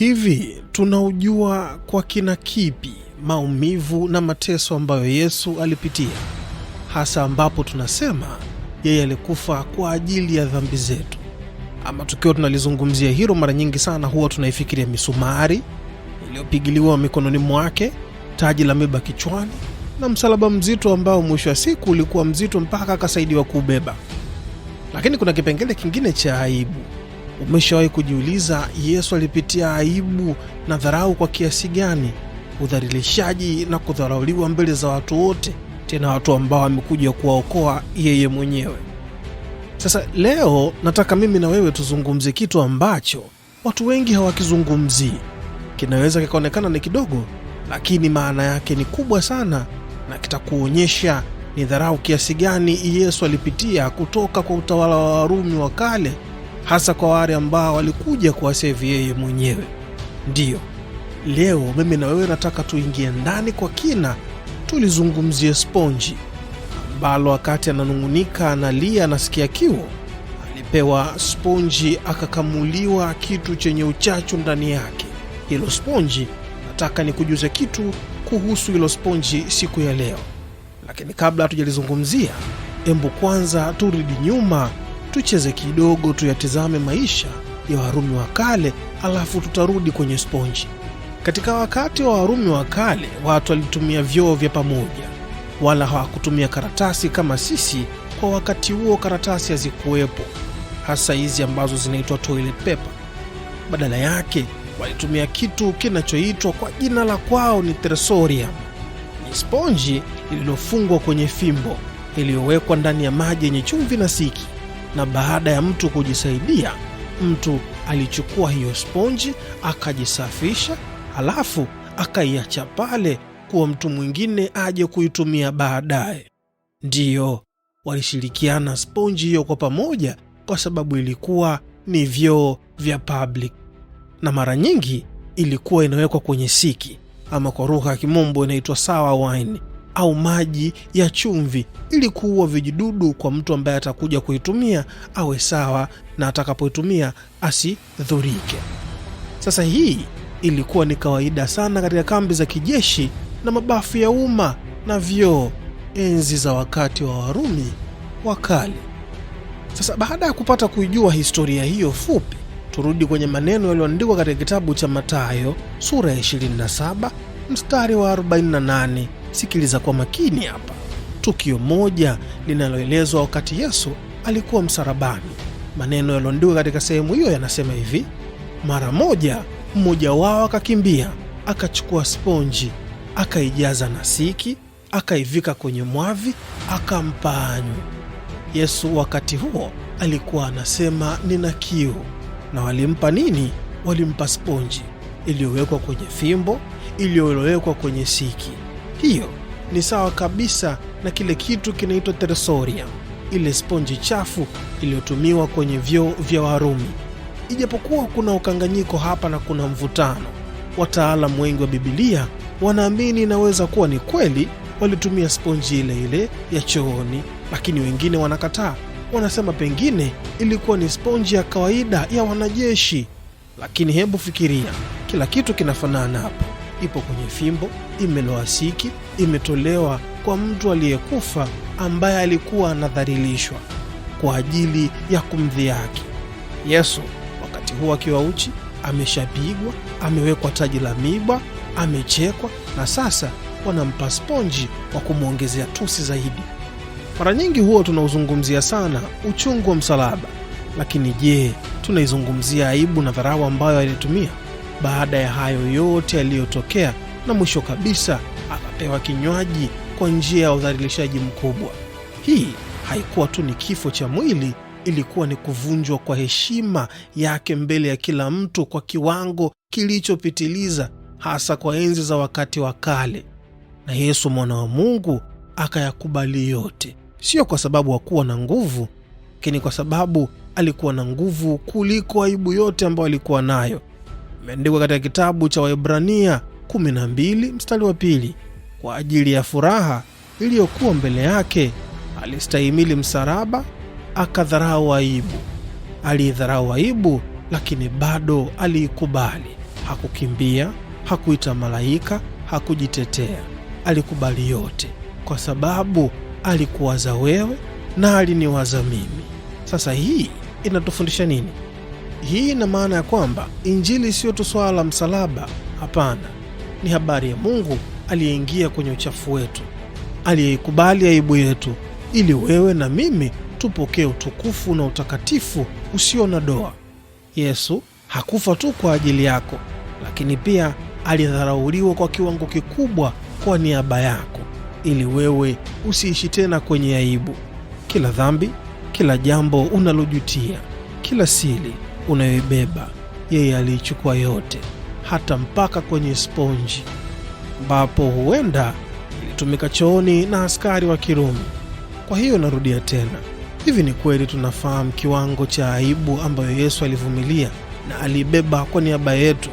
Hivi tunaujua kwa kina kipi maumivu na mateso ambayo Yesu alipitia, hasa ambapo tunasema yeye alikufa kwa ajili ya dhambi zetu? Ama tukiwa tunalizungumzia hilo, mara nyingi sana huwa tunaifikiria misumari iliyopigiliwa mikononi mwake, taji la miba kichwani, na msalaba mzito ambao mwisho wa siku ulikuwa mzito mpaka akasaidiwa kuubeba. Lakini kuna kipengele kingine cha aibu Umeshawahi kujiuliza Yesu alipitia aibu na dharau kwa kiasi gani? Udhalilishaji na kudharauliwa mbele za watu wote, tena watu ambao amekuja kuwaokoa yeye mwenyewe. Sasa leo nataka mimi na wewe tuzungumze kitu ambacho watu wengi hawakizungumzii. Kinaweza kikaonekana ni kidogo, lakini maana yake ni kubwa sana, na kitakuonyesha ni dharau kiasi gani Yesu alipitia kutoka kwa utawala wa Warumi wa kale hasa kwa wale ambao walikuja kuwasevi yeye mwenyewe. Ndiyo, leo mimi na wewe nataka tuingie ndani kwa kina, tulizungumzie sponji ambalo wakati ananung'unika analia, anasikia kiwo alipewa sponji akakamuliwa kitu chenye uchachu ndani yake. Hilo sponji, nataka nikujuze kitu kuhusu hilo sponji siku ya leo, lakini kabla hatujalizungumzia, embu kwanza turudi nyuma tucheze kidogo, tuyatizame maisha ya Warumi wa kale, alafu tutarudi kwenye sponji. Katika wakati wa Warumi wa kale, watu walitumia vyoo vya pamoja, wala hawakutumia karatasi kama sisi. Kwa wakati huo karatasi hazikuwepo, hasa hizi ambazo zinaitwa toilet pepa Badala yake walitumia kitu kinachoitwa kwa jina la kwao ni tresorium Ni sponji lililofungwa kwenye fimbo iliyowekwa ndani ya maji yenye chumvi na siki na baada ya mtu kujisaidia, mtu alichukua hiyo sponji akajisafisha, halafu akaiacha pale kuwa mtu mwingine aje kuitumia baadaye. Ndiyo, walishirikiana sponji hiyo kwa pamoja, kwa sababu ilikuwa ni vyoo vya public, na mara nyingi ilikuwa inawekwa kwenye siki ama kwa rugha ya kimombo inaitwa sawa wine au maji ya chumvi ili kuua vijidudu kwa mtu ambaye atakuja kuitumia awe sawa na atakapoitumia asidhurike. Sasa hii ilikuwa ni kawaida sana katika kambi za kijeshi na mabafu ya umma na vyoo enzi za wakati wa Warumi wa kale. Sasa baada ya kupata kuijua historia hiyo fupi, turudi kwenye maneno yaliyoandikwa katika kitabu cha Mathayo sura ya 27 mstari wa 48 Sikiliza kwa makini hapa. Tukio moja linaloelezwa wakati Yesu alikuwa msalabani. Maneno yaliondiwa katika sehemu hiyo yanasema hivi: mara moja mmoja wao akakimbia, akachukua sponji, akaijaza na siki akaivika kwenye mwavi, akampa anywe. Yesu wakati huo alikuwa anasema nina kiu. Na walimpa nini? Walimpa sponji iliyowekwa kwenye fimbo iliyolowekwa kwenye siki. Hiyo ni sawa kabisa na kile kitu kinaitwa teresoria, ile sponji chafu iliyotumiwa kwenye vyoo vya Warumi. Ijapokuwa kuna ukanganyiko hapa na kuna mvutano, wataalamu wengi wa Bibilia wanaamini inaweza kuwa ni kweli walitumia sponji ile ile ya chooni, lakini wengine wanakataa, wanasema pengine ilikuwa ni sponji ya kawaida ya wanajeshi. Lakini hebu fikiria, kila kitu kinafanana hapa ipo kwenye fimbo, imeloasiki, imetolewa kwa mtu aliyekufa ambaye alikuwa anadhalilishwa kwa ajili ya kumdhihaki. Yesu wakati huo akiwa uchi, ameshapigwa, amewekwa taji la miiba, amechekwa, na sasa wanampa sponji wa kumwongezea tusi zaidi. Mara nyingi huo tunauzungumzia sana uchungu wa msalaba, lakini je, tunaizungumzia aibu na dharau ambayo alitumia? baada ya hayo yote yaliyotokea, na mwisho kabisa akapewa kinywaji kwa njia ya udhalilishaji mkubwa. Hii haikuwa tu ni kifo cha mwili, ilikuwa ni kuvunjwa kwa heshima yake mbele ya kila mtu kwa kiwango kilichopitiliza, hasa kwa enzi za wakati wa kale. Na Yesu mwana wa Mungu akayakubali yote, sio kwa sababu hakuwa na nguvu, lakini kwa sababu alikuwa na nguvu kuliko aibu yote ambayo alikuwa nayo imeandikwa katika kitabu cha Waebrania 12 mstari wa pili. Kwa ajili ya furaha iliyokuwa mbele yake alistahimili msalaba, akadharau aibu. Aliidharau aibu, lakini bado aliikubali. Hakukimbia, hakuita malaika, hakujitetea. Alikubali yote kwa sababu alikuwaza wewe na aliniwaza mimi. Sasa hii inatufundisha nini? Hii ina maana ya kwamba injili siyo tu swala la msalaba. Hapana, ni habari ya Mungu aliyeingia kwenye uchafu wetu, aliyeikubali aibu yetu, ili wewe na mimi tupokee utukufu na utakatifu usio na doa. Yesu hakufa tu kwa ajili yako, lakini pia alidharauliwa kwa kiwango kikubwa kwa niaba yako, ili wewe usiishi tena kwenye aibu. Kila dhambi, kila jambo unalojutia, kila siri unayoibeba, yeye aliichukua yote, hata mpaka kwenye sponji ambapo huenda ilitumika chooni na askari wa Kirumi. Kwa hiyo narudia tena, hivi ni kweli tunafahamu kiwango cha aibu ambayo Yesu alivumilia na aliibeba kwa niaba yetu?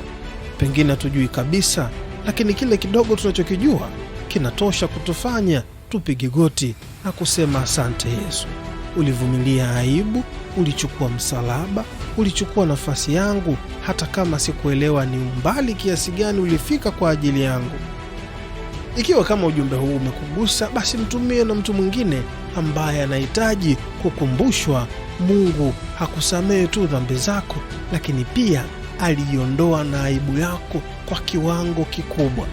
Pengine hatujui kabisa, lakini kile kidogo tunachokijua kinatosha kutufanya tupige goti na kusema asante Yesu ulivumilia aibu, ulichukua msalaba, ulichukua nafasi yangu, hata kama sikuelewa ni umbali kiasi gani ulifika kwa ajili yangu. Ikiwa kama ujumbe huu umekugusa, basi mtumie na mtu mwingine ambaye anahitaji kukumbushwa. Mungu hakusamehe tu dhambi zako, lakini pia aliondoa na aibu yako kwa kiwango kikubwa.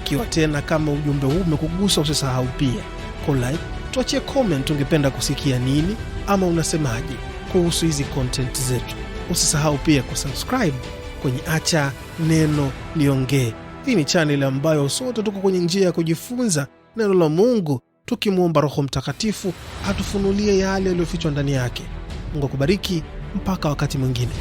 Ikiwa tena kama ujumbe huu umekugusa, usisahau pia kulike tuachie comment, ungependa kusikia nini ama unasemaje kuhusu hizi kontent zetu. Usisahau pia kusubscribe kwenye Acha Neno Liongee. Hii ni chanel ambayo sote tuko kwenye njia ya kujifunza neno la Mungu, tukimwomba Roho Mtakatifu atufunulie yale yaliyofichwa ndani yake. Mungu akubariki mpaka wakati mwingine.